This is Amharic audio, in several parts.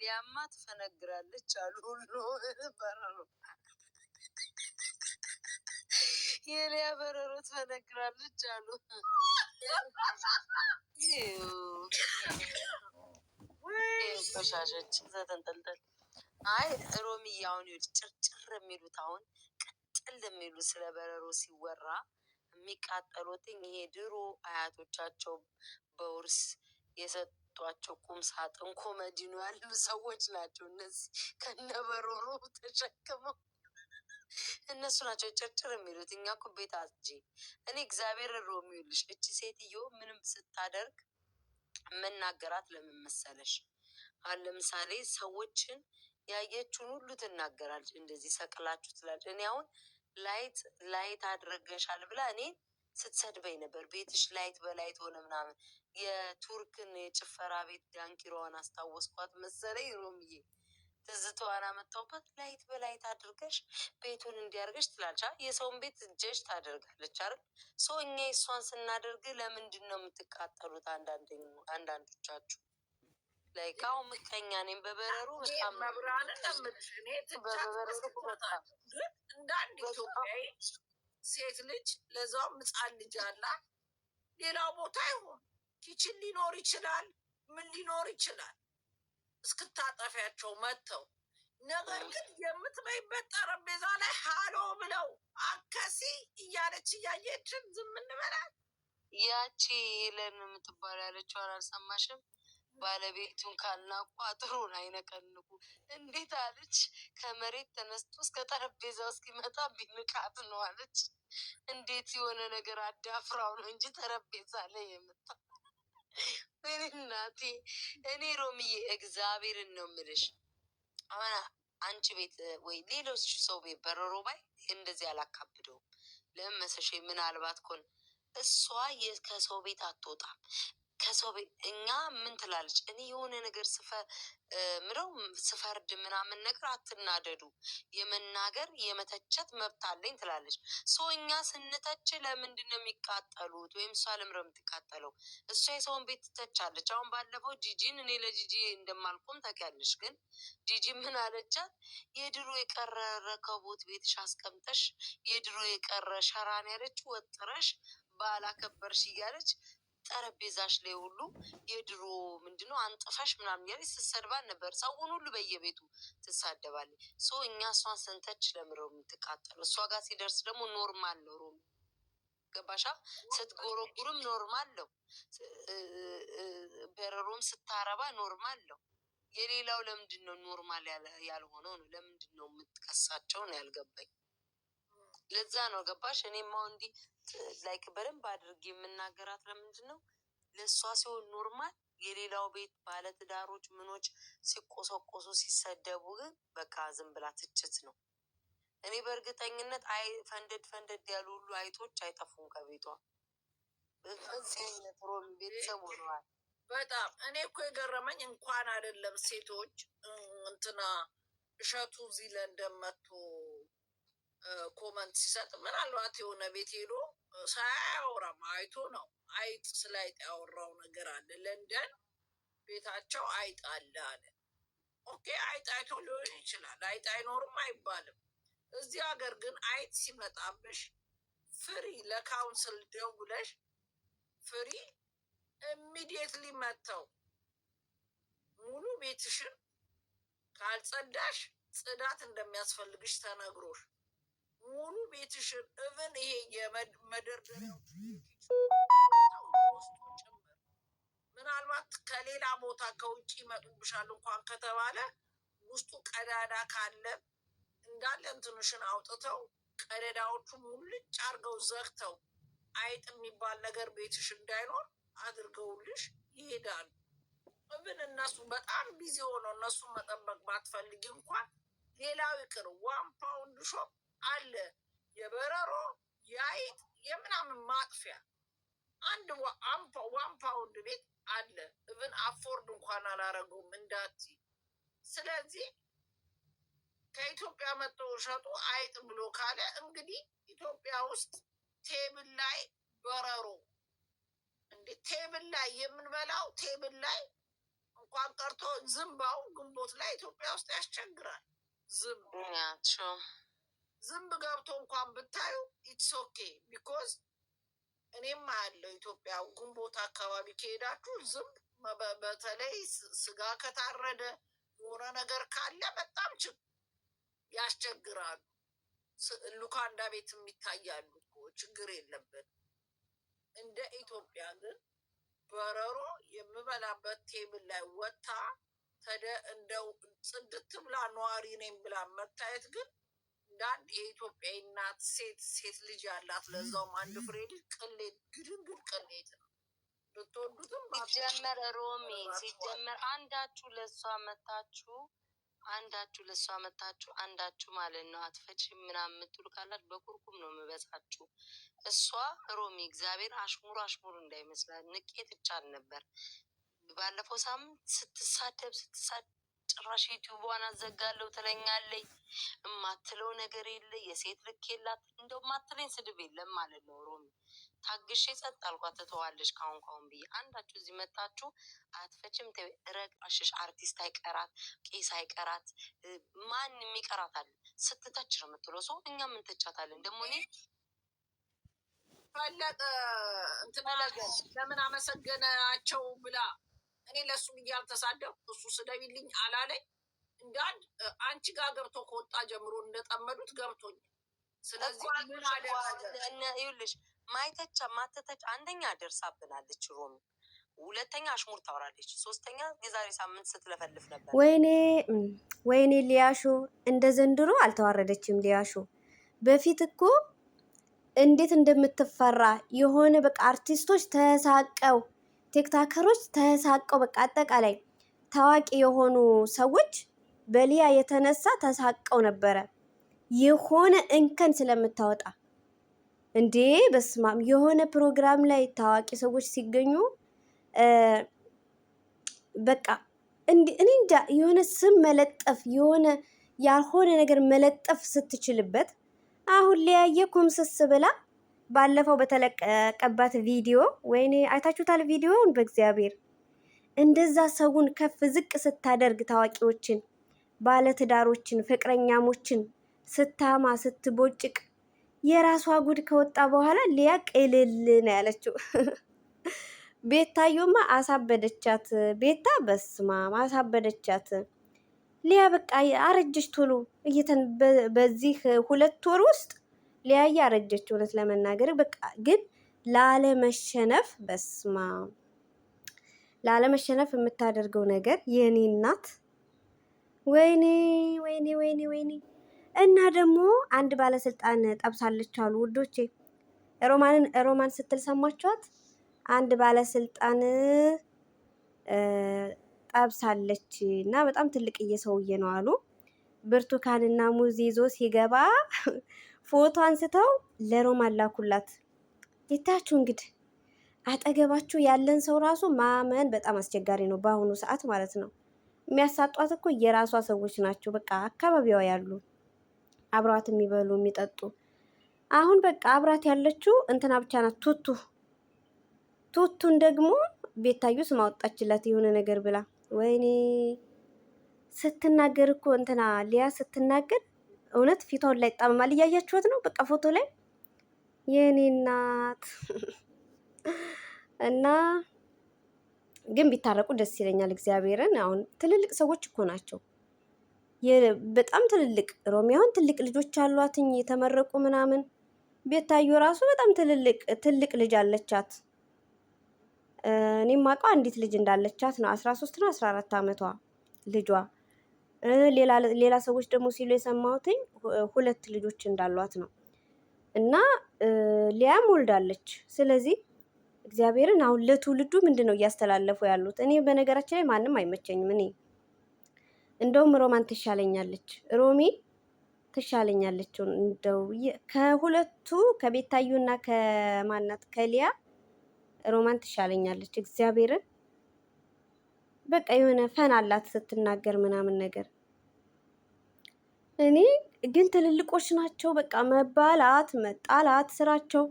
ሊያማ ትፈነግራለች አሉ ሁሉ በረሮ የሊያ በረሮ ትፈነግራለች አሉ። ቆሻሾች እዛ አይ ሮሚ አሁን ይኸውልሽ ጭርጭር የሚሉት አሁን ቀጥል የሚሉ ስለ በረሮ ሲወራ የሚቃጠሉትኝ ይሄ ድሮ አያቶቻቸው በውርስ የሰጡ ያመጧቸው ቁም ሳጥን ኮመዲኖ ያሉ ሰዎች ናቸው። እነዚህ ከነበሮሮ ተሸክመው እነሱ ናቸው ጭርጭር የሚሉት። እኛ እኮ ቤት አስጂ እኔ እግዚአብሔር ሮ የሚውልሽ እቺ ሴትዮ ምንም ስታደርግ መናገራት ለምን መሰለሽ? አሁን ለምሳሌ ሰዎችን ያየችውን ሁሉ ትናገራለች። እንደዚህ ሰቅላችሁ ትላለች። እኔ አሁን ላይት ላይት አድረገሻል ብላ እኔ ስትሰድበኝ ነበር። ቤትሽ ላይት በላይት ሆነ ምናምን። የቱርክን የጭፈራ ቤት ዳንኪሯዋን አስታወስኳት መሰለኝ ሮምዬ ትዝታዋን አመጣሁባት። ላይት በላይት አድርገሽ ቤቱን እንዲያርገሽ ትላልቻ የሰውን ቤት እጀሽ ታደርጋለች አይደል? ሰው እኛ የእሷን ስናደርግ ለምንድን ነው የምትቃጠሉት? አንዳንዶቻችሁ ላይ ካሁ ምቀኛ ነኝ። በበረሩ በጣም በበረሩ በጣም ሴት ልጅ ለዛው ምጻን ልጅ አላት። ሌላው ቦታ ይሆን ኪችን ሊኖር ይችላል፣ ምን ሊኖር ይችላል እስክታጠፊያቸው መጥተው ነገር ግን የምትበይበት ጠረጴዛ ላይ ሀሎ ብለው አከሲ እያለች እያየችን ዝም እንበላል። ያቺ ለን የምትባል ያለችው አላልሰማሽም? ባለቤቱን ካልናቁ አጥሩን አይነቀንቁ። እንዴት አለች? ከመሬት ተነስቶ እስከ ጠረጴዛው እስኪመጣ ቢንቃት ነው አለች። እንዴት የሆነ ነገር አዳፍራው ነው እንጂ ጠረጴዛ ላይ የመጣ ምን እናቴ። እኔ ሮምዬ እግዚአብሔርን ነው ምልሽ። አሁን አንቺ ቤት ወይ ሌሎች ሰው ቤት በረሮ ባይ እንደዚህ አላካብደውም። ለምን መሰለሽ? ምናልባት ኮን እሷ ከሰው ቤት አትወጣም ከሰው ቤት እኛ ምን ትላለች? እኔ የሆነ ነገር ስፈ ምለው ስፈርድ ምናምን ነገር አትናደዱ፣ የመናገር የመተቸት መብት አለኝ ትላለች። ሰው እኛ ስንተች ለምንድን ነው የሚቃጠሉት? ወይም እሷ ለምረ የምትቃጠለው እሷ የሰውን ቤት ትተቻለች። አሁን ባለፈው ጂጂን እኔ ለጂጂ እንደማልቆም ታውቂያለሽ። ግን ጂጂ ምን አለቻት? የድሮ የቀረ ረከቦት ቤትሽ አስቀምጠሽ የድሮ የቀረ ሸራን ያለች ወጥረሽ ባላከበርሽ እያለች ጠረጴዛሽ ላይ ሁሉ የድሮ ምንድነው አንጥፈሽ ምናምን እያለች ስትሰድባን ነበር። ሰውን ሁሉ በየቤቱ ትሳደባለች። ሶ እኛ እሷን ስንተች ለምረው የምትቃጠል እሷ ጋር ሲደርስ ደግሞ ኖርማል ነው። ሮሚ ገባሻ? ስትጎረጉርም ኖርማል ነው። በረሮም ስታረባ ኖርማል ነው። የሌላው ለምንድን ነው ኖርማል ያልሆነው? ነው ለምንድን ነው የምትከሳቸው? ነው ያልገባኝ። ለዛ ነው ገባሽ? እኔም አሁን እንዲህ ላይክ በደንብ አድርጌ የምናገራት ለምንድን ነው ለእሷ ሲሆን ኖርማል የሌላው ቤት ባለትዳሮች ምኖች ሲቆሰቆሱ ሲሰደቡ፣ ግን በቃ ዝም ብላ ትችት ነው። እኔ በእርግጠኝነት አይ ፈንደድ ፈንደድ ያሉ ሁሉ አይቶች አይጠፉም ከቤቷ ቤተሰብ ሆነዋል። በጣም እኔ እኮ የገረመኝ እንኳን አይደለም ሴቶች እንትና እሸቱ እዚህ ለንደን መጥቶ ኮመንት ሲሰጥ ምናልባት የሆነ ቤት ሄዶ ሳያወራም አይቶ ነው። አይጥ ስለ አይጥ ያወራው ነገር አለ። ለንደን ቤታቸው አይጥ አለ አለ። ኦኬ አይጥ አይቶ ሊሆን ይችላል። አይጥ አይኖርም አይባልም። እዚህ ሀገር ግን አይጥ ሲመጣብሽ ፍሪ ለካውንስል ደውለሽ ፍሪ ኢሚዲየትሊ መጥተው ሙሉ ቤትሽን ካልጸዳሽ ጽዳት እንደሚያስፈልግሽ ተነግሮሽ ሙሉ ቤትሽን እብን ይሄ የመደርደሪያው ጭምር ምናልባት ከሌላ ቦታ ከውጭ ይመጡብሻል እንኳን ከተባለ ውስጡ ቀዳዳ ካለ እንዳለ እንትንሽን አውጥተው ቀደዳዎቹ ሙልጭ አርገው ዘግተው አይጥ የሚባል ነገር ቤትሽ እንዳይኖር አድርገውልሽ ይሄዳሉ። እብን እነሱ በጣም ቢዚ ሆነው እነሱን መጠበቅ ባትፈልጊ እንኳን ሌላው ይቅር ዋን ፓውንድ ሾፕ አለ የበረሮ የአይጥ የምናምን ማጥፊያ አንድ ዋን ፓውንድ ቤት አለ። እብን አፎርድ እንኳን አላረገውም እንዳት። ስለዚህ ከኢትዮጵያ መጥቶ ሸጡ አይጥ ብሎ ካለ እንግዲህ ኢትዮጵያ ውስጥ ቴብል ላይ በረሮ እንዴ ቴብል ላይ የምንበላው ቴብል ላይ እንኳን ቀርቶ ዝምባው ግንቦት ላይ ኢትዮጵያ ውስጥ ያስቸግራል። ዝም ዝንብ ገብቶ እንኳን ብታዩ ኢትስ ኦኬ ቢኮዝ እኔም አያለው ኢትዮጵያ ግንቦት አካባቢ ከሄዳችሁ ዝንብ በተለይ ስጋ ከታረደ የሆነ ነገር ካለ በጣም ያስቸግራሉ። ሉካንዳ ቤት የሚታያሉ እኮ ችግር የለበት። እንደ ኢትዮጵያ ግን በረሮ የምበላበት ቴብል ላይ ወታ ተደ እንደው ጽድት ብላ ነዋሪ ነኝ ብላ መታየት ግን እንዳንድ የኢትዮጵያ እናት ሴት ሴት ልጅ ያላት ለዛውም አንድ ፍሬ ልጅ ቅሌት ግድንግድ ቅሌት ነው። ብትወዱትም ሲጀመር ሮሚ ሲጀመር አንዳችሁ ለእሷ መታችሁ አንዳችሁ ለእሷ መታችሁ አንዳችሁ ማለት ነው አትፈች ምናምን የምትሉ ካላት በኩርኩም ነው የምበሳችሁ። እሷ ሮሚ እግዚአብሔር አሽሙሩ አሽሙሩ እንዳይመስላል ንቄት ይቻል ነበር። ባለፈው ሳምንት ስትሳደብ ስትሳደብ ጭራሽ ዩቲዩቧን አዘጋለሁ ትለኛለኝ። እማትለው ነገር የለ፣ የሴት ልክ የላት። እንደው ማትለኝ ስድብ የለም ማለት ነው። ሮሚ ታግሼ ጸጥ አልኳ ትተዋለች ካሁን ካሁን ብዬ አንዳችሁ እዚህ መታችሁ አትፈችም። ረቃሽሽ አርቲስት አይቀራት፣ ቄስ አይቀራት፣ ማን የሚቀራት አለ? ስትተች ነው የምትለው ሰው። እኛ ምን ትቻታለን ደግሞ እኔ ፈለቀ እንትን ለምን አመሰገናቸው ብላ እኔ ብዬ እያልተሳደብ እሱ ስደቢልኝ አላለኝ። እንደ አንድ አንቺ ጋር ገብቶ ከወጣ ጀምሮ እንደጠመዱት ገብቶኛል። ስለዚህ ይኸውልሽ ማተተች አንደኛ ደርሳብናለች ሮሚ ሁለተኛ አሽሙር ታወራለች። ሶስተኛ የዛሬ ሳምንት ስትለፈልፍ ነበር። ወይኔ ወይኔ ሊያሹ እንደ ዘንድሮ አልተዋረደችም። ሊያሹ በፊት እኮ እንዴት እንደምትፈራ የሆነ በቃ አርቲስቶች ተሳቀው ቲክታከሮች ተሳቀው በቃ አጠቃላይ ታዋቂ የሆኑ ሰዎች በሊያ የተነሳ ተሳቀው ነበረ። የሆነ እንከን ስለምታወጣ እንዴ በስማም የሆነ ፕሮግራም ላይ ታዋቂ ሰዎች ሲገኙ በቃ እኔ እንጃ የሆነ ስም መለጠፍ የሆነ ያልሆነ ነገር መለጠፍ ስትችልበት አሁን ሊያየ ኩምስስ ብላ ባለፈው በተለቀቀባት ቪዲዮ ወይኔ አይታችሁታል ቪዲዮውን። በእግዚአብሔር እንደዛ ሰውን ከፍ ዝቅ ስታደርግ ታዋቂዎችን፣ ባለትዳሮችን፣ ፍቅረኛሞችን ስታማ ስትቦጭቅ የራሷ ጉድ ከወጣ በኋላ ሊያ ቅልል ነው ያለችው። ቤታዮማ አሳበደቻት። ቤታ በስማ አሳበደቻት። ሊያ በቃ አረጀች ቶሎ እየተን በዚህ ሁለት ወር ውስጥ ሊያየ አረጀች። እውነት ለመናገር በቃ ግን ላለመሸነፍ በስማ ላለመሸነፍ የምታደርገው ነገር የኔ እናት ወይኔ ወይኔ ወይኔ ወይኔ። እና ደግሞ አንድ ባለስልጣን ጠብሳለች አሉ ውዶቼ። ሮማንን ሮማን ስትል ሰማችኋት? አንድ ባለስልጣን ጠብሳለች እና በጣም ትልቅዬ ሰውዬ ነው አሉ። ብርቱካንና ሙዝ ይዞ ሲገባ ፎቶ አንስተው ለሮማን አላኩላት። ይታችሁ እንግዲህ አጠገባችሁ ያለን ሰው ራሱ ማመን በጣም አስቸጋሪ ነው በአሁኑ ሰዓት ማለት ነው። የሚያሳጧት እኮ የራሷ ሰዎች ናቸው። በቃ አካባቢዋ ያሉ አብራት የሚበሉ የሚጠጡ። አሁን በቃ አብራት ያለችው እንትና ብቻ ናት። ቱቱ ቱቱን ደግሞ ቤታዩ ስም አወጣችላት የሆነ ነገር ብላ። ወይኔ ስትናገር እኮ እንትና ሊያ ስትናገር እውነት ፊቷን ላይ ጣመማል። እያያችሁት ነው። በቃ ፎቶ ላይ የኔ እናት እና ግን ቢታረቁ ደስ ይለኛል። እግዚአብሔርን አሁን ትልልቅ ሰዎች እኮ ናቸው፣ በጣም ትልልቅ ሮሚ አሁን ትልቅ ልጆች አሏትኝ የተመረቁ ምናምን። ቤታዩ ራሱ በጣም ትልልቅ ትልቅ ልጅ አለቻት። እኔም አውቀው አንዲት ልጅ እንዳለቻት ነው። አስራ ሶስት ነው አስራ አራት አመቷ ልጇ ሌላ ሰዎች ደግሞ ሲሉ የሰማሁትኝ ሁለት ልጆች እንዳሏት ነው። እና ሊያም ወልዳለች። ስለዚህ እግዚአብሔርን አሁን ለትውልዱ ምንድን ነው እያስተላለፉ ያሉት? እኔ በነገራችን ላይ ማንም አይመቸኝም። እኔ እንደውም ሮማን ትሻለኛለች፣ ሮሚ ትሻለኛለች። እንደው ከሁለቱ ከቤታዩና ከማናት ከሊያ ሮማን ትሻለኛለች። እግዚአብሔርን በቃ የሆነ ፈን አላት ስትናገር ምናምን ነገር። እኔ ግን ትልልቆች ናቸው በቃ መባላት መጣላት ስራቸው፣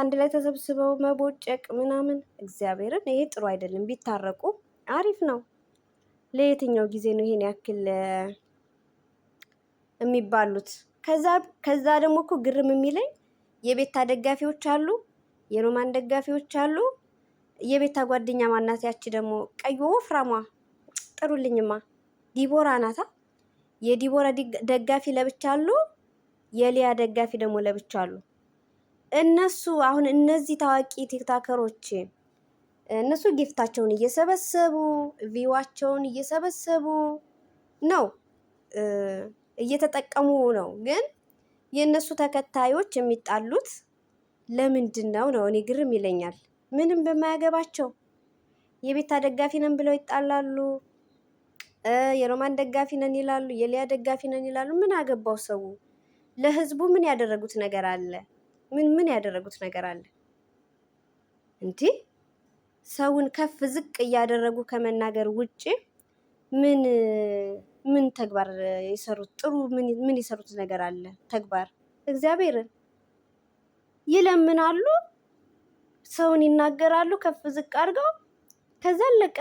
አንድ ላይ ተሰብስበው መቦጨቅ ምናምን። እግዚአብሔርን ይሄ ጥሩ አይደለም። ቢታረቁ አሪፍ ነው። ለየትኛው ጊዜ ነው ይሄን ያክል የሚባሉት? ከዛ ከዛ ደግሞ እኮ ግርም የሚለኝ የቤታ ደጋፊዎች አሉ፣ የሮማን ደጋፊዎች አሉ የቤታ ጓደኛ ማናት? ያቺ ደግሞ ቀይ ወፍራሟ ጥሩልኝማ፣ ዲቦራ ናታ። የዲቦራ ደጋፊ ለብቻ አሉ፣ የሊያ ደጋፊ ደግሞ ለብቻ አሉ። እነሱ አሁን እነዚህ ታዋቂ ቲክታከሮች እነሱ ጊፍታቸውን እየሰበሰቡ ቪዋቸውን እየሰበሰቡ ነው እየተጠቀሙ ነው። ግን የእነሱ ተከታዮች የሚጣሉት ለምንድን ነው ነው እኔ ግርም ይለኛል። ምንም በማያገባቸው የቤታ ደጋፊ ነን ብለው ይጣላሉ። የሮማን ደጋፊ ነን ይላሉ። የሊያ ደጋፊ ነን ይላሉ። ምን አገባው ሰው? ለህዝቡ ምን ያደረጉት ነገር አለ? ምን ምን ያደረጉት ነገር አለ? እንዲህ ሰውን ከፍ ዝቅ እያደረጉ ከመናገር ውጭ ምን ምን ተግባር የሰሩት ጥሩ ምን የሰሩት ነገር አለ? ተግባር እግዚአብሔርን ይለምናሉ። ሰውን ይናገራሉ ከፍ ዝቅ አድርገው። ከዛ አለቀ።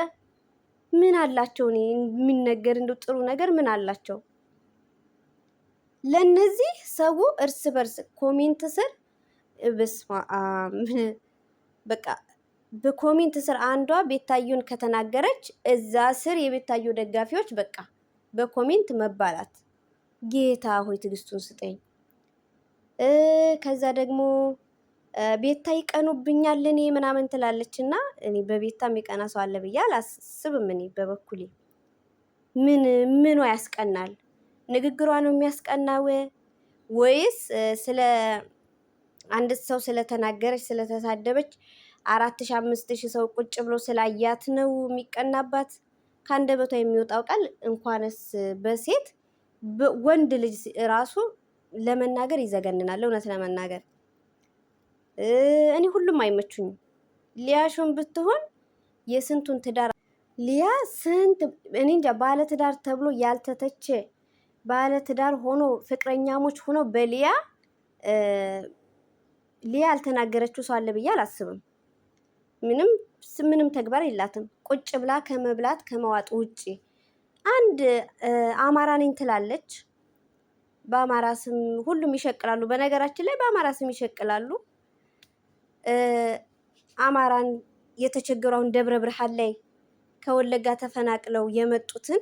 ምን አላቸው? ኔ የሚነገር እንደው ጥሩ ነገር ምን አላቸው? ለእነዚህ ሰው እርስ በርስ ኮሜንት ስር በስማ በቃ በኮሜንት ስር አንዷ ቤታዩን ከተናገረች እዛ ስር የቤታዩ ደጋፊዎች በቃ በኮሜንት መባላት። ጌታ ሆይ ትዕግስቱን ስጠኝ። ከዛ ደግሞ ቤታ ይቀኑብኛል እኔ ምናምን ትላለች እና እኔ በቤታ የሚቀና ሰው አለ ብዬ አላስብም። እኔ በበኩሌ ምን ምኗ ያስቀናል? ንግግሯ ነው የሚያስቀናው ወይስ ስለ አንድ ሰው ስለተናገረች ስለተሳደበች አራት ሺ አምስት ሺ ሰው ቁጭ ብሎ ስላያት ነው የሚቀናባት? ከአንደበቷ የሚወጣው ቃል እንኳንስ በሴት ወንድ ልጅ ራሱ ለመናገር ይዘገንናል። እውነት ለመናገር እኔ ሁሉም አይመቹኝም። ሊያሾን ብትሆን የስንቱን ትዳር ሊያ ስንት እኔ እንጃ ባለ ትዳር ተብሎ ያልተተቸ ባለ ትዳር ሆኖ ፍቅረኛሞች ሆኖ በሊያ ሊያ ያልተናገረችው ሰው አለ ብዬ አላስብም። ምንም ምንም ተግባር የላትም ቁጭ ብላ ከመብላት ከመዋጥ ውጪ። አንድ አማራ ነኝ ትላለች። በአማራ ስም ሁሉም ይሸቅላሉ። በነገራችን ላይ በአማራ ስም ይሸቅላሉ። አማራን የተቸገረውን ደብረ ብርሃን ላይ ከወለጋ ተፈናቅለው የመጡትን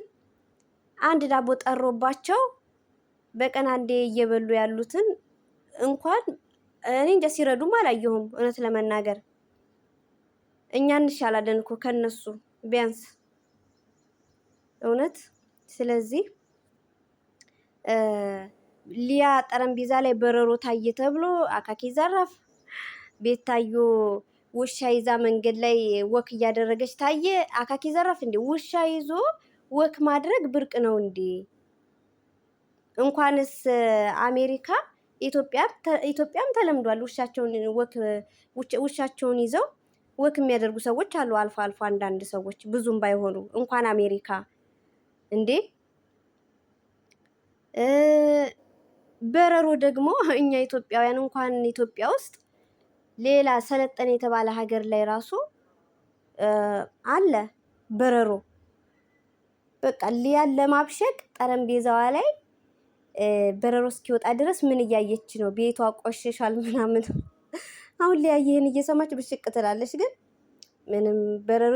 አንድ ዳቦ ጠሮባቸው በቀን አንዴ እየበሉ ያሉትን እንኳን እኔ እንጃ ሲረዱም አላየሁም። እውነት ለመናገር እኛ እንሻላለን እኮ ከነሱ ቢያንስ እውነት። ስለዚህ ሊያ ጠረጴዛ ላይ በረሮ ታየ ተብሎ አካኪ ዘራፍ ቤታዮ ውሻ ይዛ መንገድ ላይ ወክ እያደረገች ታየ። አካኪ ዘራፍ እንዴ! ውሻ ይዞ ወክ ማድረግ ብርቅ ነው እንዴ? እንኳንስ አሜሪካ ኢትዮጵያም ተለምዷል። ውሻቸውን ወክ ውሻቸውን ይዘው ወክ የሚያደርጉ ሰዎች አሉ፣ አልፎ አልፎ አንዳንድ ሰዎች ብዙም ባይሆኑ እንኳን አሜሪካ እንዴ። በረሮ ደግሞ እኛ ኢትዮጵያውያን እንኳን ኢትዮጵያ ውስጥ ሌላ ሰለጠን የተባለ ሀገር ላይ ራሱ አለ በረሮ። በቃ ሊያን ለማብሸቅ ጠረጴዛዋ ላይ በረሮ እስኪወጣ ድረስ ምን እያየች ነው? ቤቷ ቆሸሻል ምናምን። አሁን ሊያየህን እየሰማች ብሽቅ ትላለች፣ ግን ምንም በረሮ